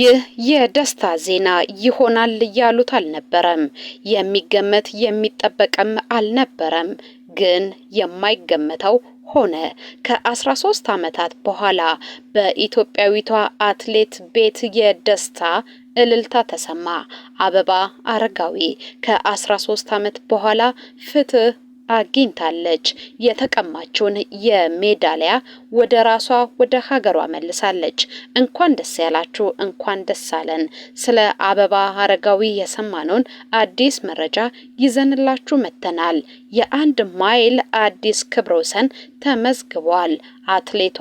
ይህ የደስታ ዜና ይሆናል ያሉት አልነበረም። የሚገመት የሚጠበቅም አልነበረም። ግን የማይገመተው ሆነ። ከ13 ዓመታት በኋላ በኢትዮጵያዊቷ አትሌት ቤት የደስታ እልልታ ተሰማ። አበባ አረጋዊ ከ13 ዓመት በኋላ ፍትህ አግኝታለች። የተቀማችውን የሜዳሊያ ወደ ራሷ ወደ ሀገሯ መልሳለች። እንኳን ደስ ያላችሁ፣ እንኳን ደስ አለን። ስለ አበባ አረጋዊ የሰማነውን አዲስ መረጃ ይዘንላችሁ መጥተናል። የአንድ ማይል አዲስ ክብረ ወሰን ተመዝግቧል። አትሌቷ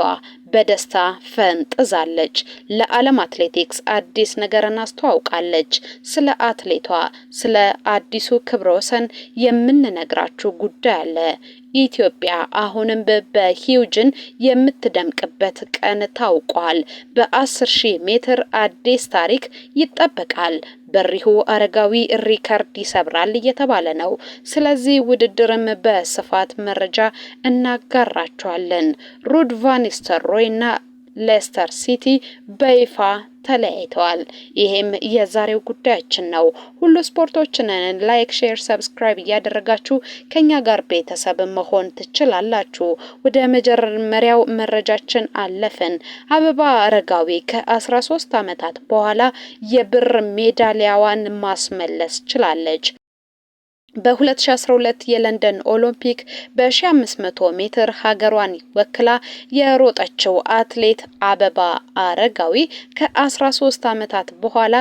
በደስታ ፈንጥዛለች። ለዓለም አትሌቲክስ አዲስ ነገርን አስተዋውቃለች። ስለ አትሌቷ ስለ አዲሱ ክብረ ወሰን የምንነግራችሁ ጉዳይ አለ። ኢትዮጵያ አሁንም በሂውጅን የምትደምቅበት ቀን ታውቋል። በ10 ሺህ ሜትር አዲስ ታሪክ ይጠበቃል። በሪሁ አረጋዊ ሪከርድ ይሰብራል እየተባለ ነው። ስለዚህ ውድድርም በስፋት መረጃ እናጋራቸዋለን። ሩድ ቫን ኒስተልሮይ እና ሌስተር ሲቲ በይፋ ተለያይተዋል። ይሄም የዛሬው ጉዳያችን ነው። ሁሉ ስፖርቶችንን ላይክ፣ ሼር፣ ሰብስክራይብ እያደረጋችሁ ከኛ ጋር ቤተሰብ መሆን ትችላላችሁ። ወደ መጀመሪያው መረጃችን አለፍን። አበባ አረጋዊ ከ13 ዓመታት በኋላ የብር ሜዳሊያዋን ማስመለስ ችላለች። በ2012 የለንደን ኦሎምፒክ በ1500 ሜትር ሀገሯን ወክላ የሮጠችው አትሌት አበባ አረጋዊ ከ13 ዓመታት በኋላ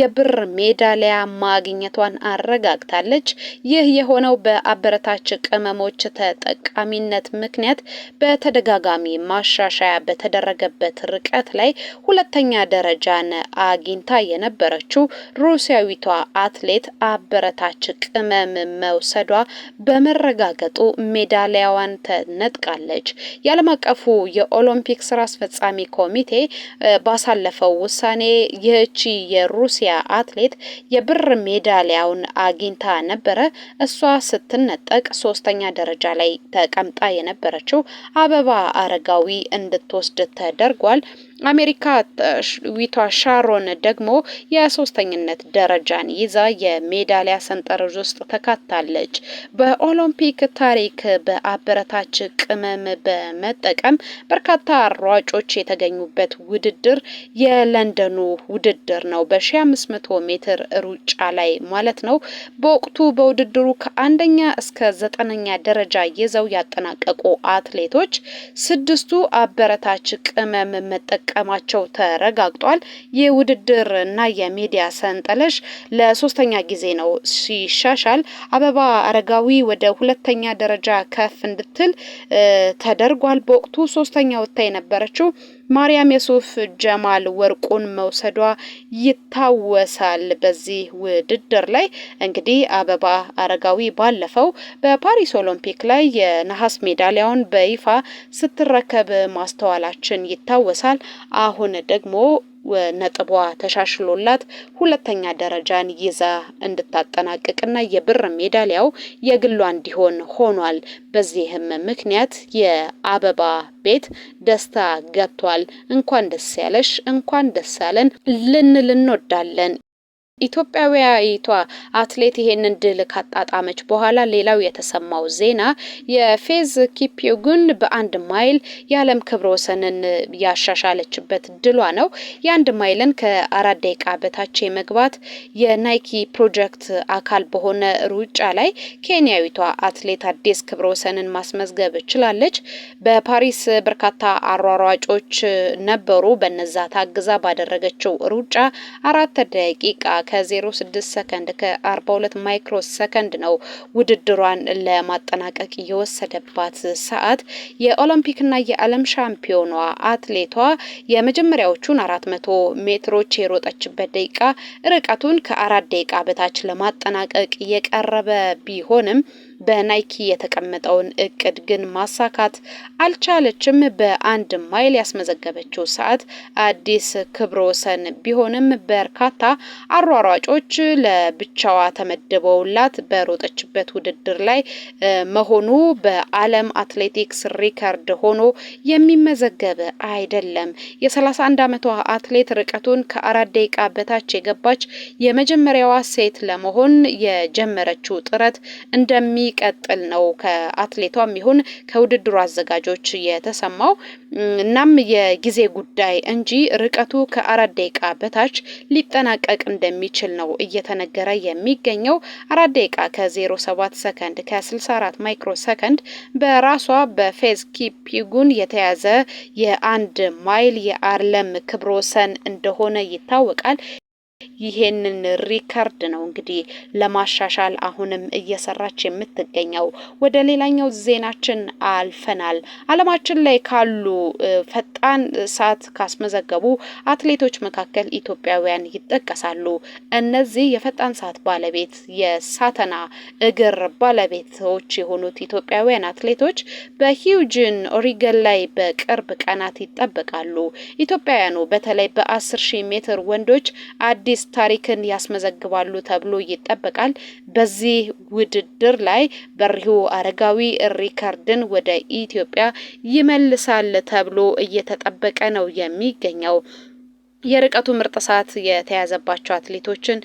የብር ሜዳሊያ ማግኘቷን አረጋግጣለች። ይህ የሆነው በአበረታች ቅመሞች ተጠቃሚነት ምክንያት በተደጋጋሚ ማሻሻያ በተደረገበት ርቀት ላይ ሁለተኛ ደረጃን አግኝታ የነበረችው ሩሲያዊቷ አትሌት አበረታች ቅመም መውሰዷ በመረጋገጡ ሜዳሊያዋን ተነጥቃለች። የዓለም አቀፉ የኦሎምፒክ ስራ አስፈጻሚ ኮሚቴ ባሳለፈው ውሳኔ ይህቺ የሩሲያ አትሌት የብር ሜዳሊያውን አግኝታ ነበረ። እሷ ስትነጠቅ ሶስተኛ ደረጃ ላይ ተቀምጣ የነበረችው አበባ አረጋዊ እንድትወስድ ተደርጓል። አሜሪካ ዊቷ ሻሮን ደግሞ የሶስተኝነት ደረጃን ይዛ የሜዳሊያ ሰንጠረዥ ውስጥ ተካታለች። በኦሎምፒክ ታሪክ በአበረታች ቅመም በመጠቀም በርካታ ሯጮች የተገኙበት ውድድር የለንደኑ ውድድር ነው። በ1500 ሜትር ሩጫ ላይ ማለት ነው። በወቅቱ በውድድሩ ከአንደኛ እስከ ዘጠነኛ ደረጃ ይዘው ያጠናቀቁ አትሌቶች ስድስቱ አበረታች ቅመም መጠቀም መጠቀማቸው ተረጋግጧል። ይህ ውድድር እና የሚዲያ ሰንጠለዥ ለሶስተኛ ጊዜ ነው ሲሻሻል። አበባ አረጋዊ ወደ ሁለተኛ ደረጃ ከፍ እንድትል ተደርጓል። በወቅቱ ሶስተኛ ወጥታ የነበረችው ማርያም የሱፍ ጀማል ወርቁን መውሰዷ ይታወሳል። በዚህ ውድድር ላይ እንግዲህ አበባ አረጋዊ ባለፈው በፓሪስ ኦሎምፒክ ላይ የነሐስ ሜዳሊያውን በይፋ ስትረከብ ማስተዋላችን ይታወሳል። አሁን ደግሞ ነጥቧ ተሻሽሎላት ሁለተኛ ደረጃን ይዛ እንድታጠናቅቅና የብር ሜዳሊያው የግሏ እንዲሆን ሆኗል። በዚህም ምክንያት የአበባ ቤት ደስታ ገብቷል። እንኳን ደስ ያለሽ፣ እንኳን ደስ ያለን ልንል እንወዳለን። ኢትዮጵያዊቷ አትሌት ይሄንን ድል ካጣጣመች በኋላ ሌላው የተሰማው ዜና የፌዝ ኪፕዮጉን በአንድ ማይል የዓለም ክብረ ወሰንን ያሻሻለችበት ድሏ ነው። የአንድ ማይልን ከአራት ደቂቃ በታች የመግባት የናይኪ ፕሮጀክት አካል በሆነ ሩጫ ላይ ኬንያዊቷ አትሌት አዲስ ክብረ ወሰንን ማስመዝገብ ችላለች። በፓሪስ በርካታ አሯሯጮች ነበሩ። በነዛ ታግዛ ባደረገችው ሩጫ አራት ደቂቃ ከ06 ሰከንድ ከ42 ማይክሮ ሰከንድ ነው ውድድሯን ለማጠናቀቅ የወሰደባት ሰዓት። የኦሎምፒክና የዓለም ሻምፒዮኗ አትሌቷ የመጀመሪያዎቹን 400 ሜትሮች የሮጠችበት ደቂቃ ርቀቱን ከአራት ደቂቃ በታች ለማጠናቀቅ የቀረበ ቢሆንም በናይኪ የተቀመጠውን እቅድ ግን ማሳካት አልቻለችም። በአንድ ማይል ያስመዘገበችው ሰዓት አዲስ ክብረ ወሰን ቢሆንም በርካታ አሯሯጮች ለብቻዋ ተመድበውላት በሮጠችበት ውድድር ላይ መሆኑ በዓለም አትሌቲክስ ሪከርድ ሆኖ የሚመዘገብ አይደለም። የ31 ዓመቷ አትሌት ርቀቱን ከአራት ደቂቃ በታች የገባች የመጀመሪያዋ ሴት ለመሆን የጀመረችው ጥረት እንደሚ እንደሚቀጥል ነው ከአትሌቷም ይሁን ከውድድሩ አዘጋጆች የተሰማው። እናም የጊዜ ጉዳይ እንጂ ርቀቱ ከአራት ደቂቃ በታች ሊጠናቀቅ እንደሚችል ነው እየተነገረ የሚገኘው። አራት ደቂቃ ከ07 ሰከንድ ከ64 ማይክሮ ሰከንድ በራሷ በፌዝ ኪፒጉን የተያዘ የአንድ ማይል የዓለም ክብረ ወሰን እንደሆነ ይታወቃል። ይሄንን ሪከርድ ነው እንግዲህ ለማሻሻል አሁንም እየሰራች የምትገኘው። ወደ ሌላኛው ዜናችን አልፈናል። አለማችን ላይ ካሉ ፈጣን ሰዓት ካስመዘገቡ አትሌቶች መካከል ኢትዮጵያውያን ይጠቀሳሉ። እነዚህ የፈጣን ሰዓት ባለቤት የሳተና እግር ባለቤቶች የሆኑት ኢትዮጵያውያን አትሌቶች በሂውጅን ኦሪገን ላይ በቅርብ ቀናት ይጠበቃሉ። ኢትዮጵያውያኑ በተለይ በአስር ሺህ ሜትር ወንዶች አዲስ ታሪክን ያስመዘግባሉ ተብሎ ይጠበቃል። በዚህ ውድድር ላይ በሪሁ አረጋዊ ሪከርድን ወደ ኢትዮጵያ ይመልሳል ተብሎ እየተጠበቀ ነው የሚገኘው። የርቀቱ ምርጥ ሰዓት የተያዘባቸው አትሌቶችን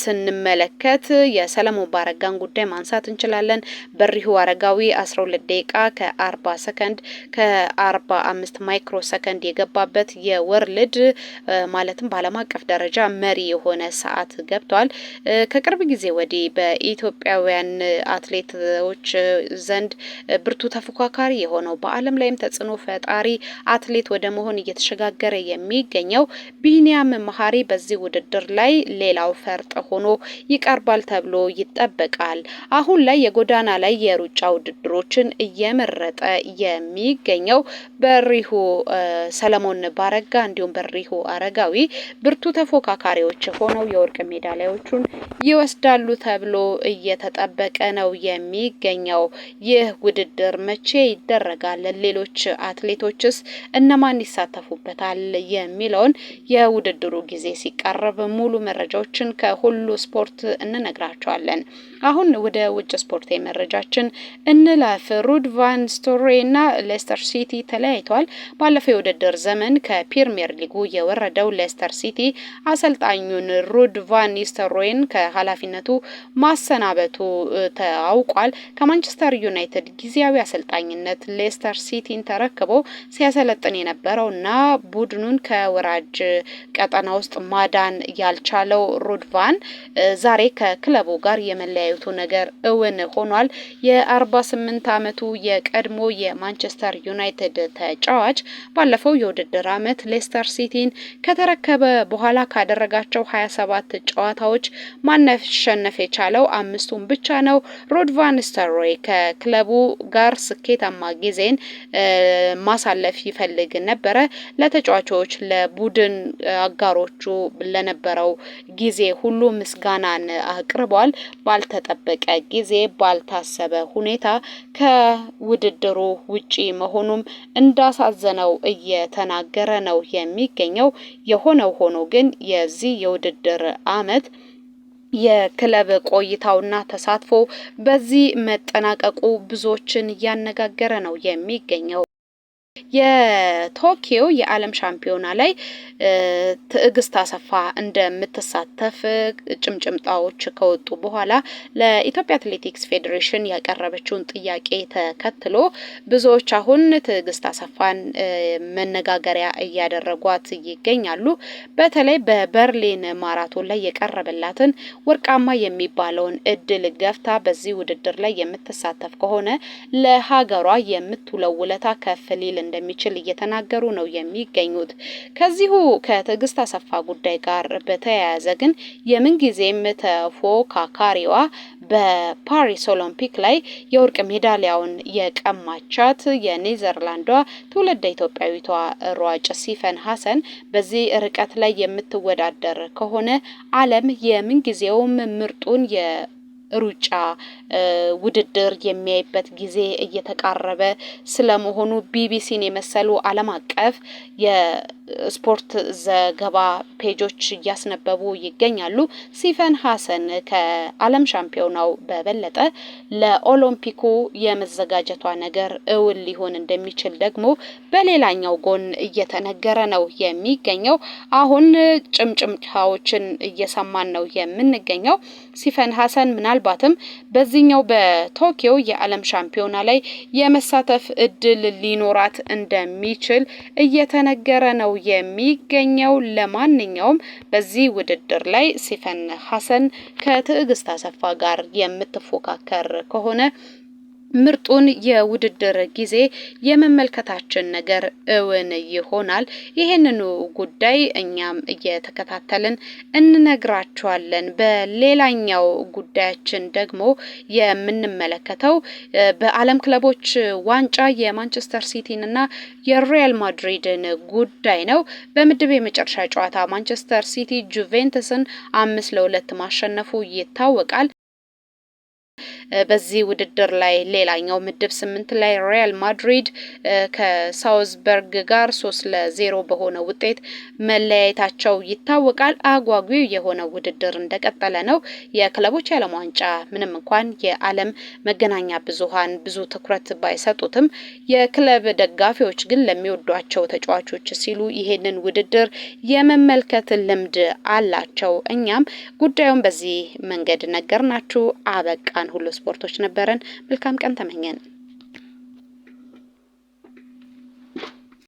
ስንመለከት የሰለሞን ባረጋን ጉዳይ ማንሳት እንችላለን። በሪሁ አረጋዊ 12 ደቂቃ ከ40 ሰከንድ ከ45 ማይክሮ ሰከንድ የገባበት የወርልድ ማለትም በዓለም አቀፍ ደረጃ መሪ የሆነ ሰዓት ገብቷል። ከቅርብ ጊዜ ወዲህ በኢትዮጵያውያን አትሌቶች ዘንድ ብርቱ ተፎካካሪ የሆነው በዓለም ላይም ተጽዕኖ ፈጣሪ አትሌት ወደ መሆን እየተሸጋገረ የሚገኘው ቢኒያም መሀሪ በዚህ ውድድር ላይ ሌላው ፈርጥ ሆኖ ይቀርባል ተብሎ ይጠበቃል። አሁን ላይ የጎዳና ላይ የሩጫ ውድድሮችን እየመረጠ የሚገኘው በሪሁ ሰለሞን ባረጋ እንዲሁም በሪሁ አረጋዊ ብርቱ ተፎካካሪዎች ሆነው የወርቅ ሜዳሊያዎቹን ይወስዳሉ ተብሎ እየተጠበቀ ነው የሚገኘው። ይህ ውድድር መቼ ይደረጋል? ሌሎች አትሌቶችስ እነማን ይሳተፉበታል? የሚለውን የውድድሩ ጊዜ ሲቃረብ ሙሉ መረጃዎችን ከሁሉ ስፖርት እንነግራቸዋለን። አሁን ወደ ውጭ ስፖርታዊ መረጃችን እንለፍ። ሩድ ቫን ስቶሬ እና ሌስተር ሲቲ ተለያይተዋል። ባለፈው የውድድር ዘመን ከፒርሚየር ሊጉ የወረደው ሌስተር ሲቲ አሰልጣኙን ሩድ ቫን ኒስተሮይን ከኃላፊነቱ ማሰናበቱ ታውቋል። ከማንቸስተር ዩናይትድ ጊዜያዊ አሰልጣኝነት ሌስተር ሲቲን ተረክቦ ሲያሰለጥን የነበረው እና ቡድኑን ከወራጅ ቀጠና ውስጥ ማዳን ያልቻለው ሩድ ቫን ዛሬ ከክለቡ ጋር የመለያ ያዩቱ ነገር እውን ሆኗል። የ48 ዓመቱ የቀድሞ የማንቸስተር ዩናይትድ ተጫዋች ባለፈው የውድድር ዓመት ሌስተር ሲቲን ከተረከበ በኋላ ካደረጋቸው 27 ጨዋታዎች ማሸነፍ የቻለው አምስቱን ብቻ ነው። ሩድ ቫን ከክለቡ ጋር ስኬታማ ጊዜን ማሳለፍ ይፈልግ ነበረ። ለተጫዋቾች፣ ለቡድን አጋሮቹ ለነበረው ጊዜ ሁሉ ምስጋናን አቅርቧል። ባልተ ባልተጠበቀ ጊዜ ባልታሰበ ሁኔታ ከውድድሩ ውጪ መሆኑም እንዳሳዘነው እየተናገረ ነው የሚገኘው። የሆነው ሆኖ ግን የዚህ የውድድር አመት የክለብ ቆይታውና ተሳትፎ በዚህ መጠናቀቁ ብዙዎችን እያነጋገረ ነው የሚገኘው። የቶኪዮ የዓለም ሻምፒዮና ላይ ትዕግስት አሰፋ እንደምትሳተፍ ጭምጭምጣዎች ከወጡ በኋላ ለኢትዮጵያ አትሌቲክስ ፌዴሬሽን ያቀረበችውን ጥያቄ ተከትሎ ብዙዎች አሁን ትዕግስት አሰፋን መነጋገሪያ እያደረጓት ይገኛሉ። በተለይ በበርሊን ማራቶን ላይ የቀረበላትን ወርቃማ የሚባለውን እድል ገፍታ በዚህ ውድድር ላይ የምትሳተፍ ከሆነ ለሀገሯ የምትውለው ውለታ ከፍ ሊል እንደሚችል እየተናገሩ ነው የሚገኙት። ከዚሁ ከትዕግስት አሰፋ ጉዳይ ጋር በተያያዘ ግን የምንጊዜም ተፎካካሪዋ በፓሪስ ኦሎምፒክ ላይ የወርቅ ሜዳሊያውን የቀማቻት የኔዘርላንዷ ትውልደ ኢትዮጵያዊቷ ሯጭ ሲፈን ሀሰን በዚህ ርቀት ላይ የምትወዳደር ከሆነ ዓለም የምንጊዜውም ምርጡን የሩጫ ውድድር የሚያይበት ጊዜ እየተቃረበ ስለመሆኑ ቢቢሲን የመሰሉ ዓለም አቀፍ የስፖርት ዘገባ ፔጆች እያስነበቡ ይገኛሉ። ሲፈን ሀሰን ከዓለም ሻምፒዮናው በበለጠ ለኦሎምፒኩ የመዘጋጀቷ ነገር እውን ሊሆን እንደሚችል ደግሞ በሌላኛው ጎን እየተነገረ ነው የሚገኘው። አሁን ጭምጭምታዎችን እየሰማን ነው የምንገኘው። ሲፈን ሀሰን ምናልባትም በዚህ በዚህኛው በቶኪዮ የዓለም ሻምፒዮና ላይ የመሳተፍ እድል ሊኖራት እንደሚችል እየተነገረ ነው የሚገኘው። ለማንኛውም በዚህ ውድድር ላይ ሲፈን ሀሰን ከትዕግስት አሰፋ ጋር የምትፎካከር ከሆነ ምርጡን የውድድር ጊዜ የመመልከታችን ነገር እውን ይሆናል። ይህንኑ ጉዳይ እኛም እየተከታተልን እንነግራችኋለን። በሌላኛው ጉዳያችን ደግሞ የምንመለከተው በዓለም ክለቦች ዋንጫ የማንቸስተር ሲቲንና የሪያል ማድሪድን ጉዳይ ነው። በምድብ የመጨረሻ ጨዋታ ማንቸስተር ሲቲ ጁቬንትስን አምስት ለሁለት ማሸነፉ ይታወቃል። በዚህ ውድድር ላይ ሌላኛው ምድብ ስምንት ላይ ሪያል ማድሪድ ከሳውዝበርግ ጋር ሶስት ለዜሮ በሆነ ውጤት መለያየታቸው ይታወቃል። አጓጊው የሆነ ውድድር እንደቀጠለ ነው። የክለቦች የዓለም ዋንጫ ምንም እንኳን የዓለም መገናኛ ብዙሃን ብዙ ትኩረት ባይሰጡትም የክለብ ደጋፊዎች ግን ለሚወዷቸው ተጫዋቾች ሲሉ ይሄንን ውድድር የመመልከት ልምድ አላቸው። እኛም ጉዳዩን በዚህ መንገድ ነገርናችሁ። አበቃን ሁሉ ስፖርቶች ነበረን። መልካም ቀን ተመኘን።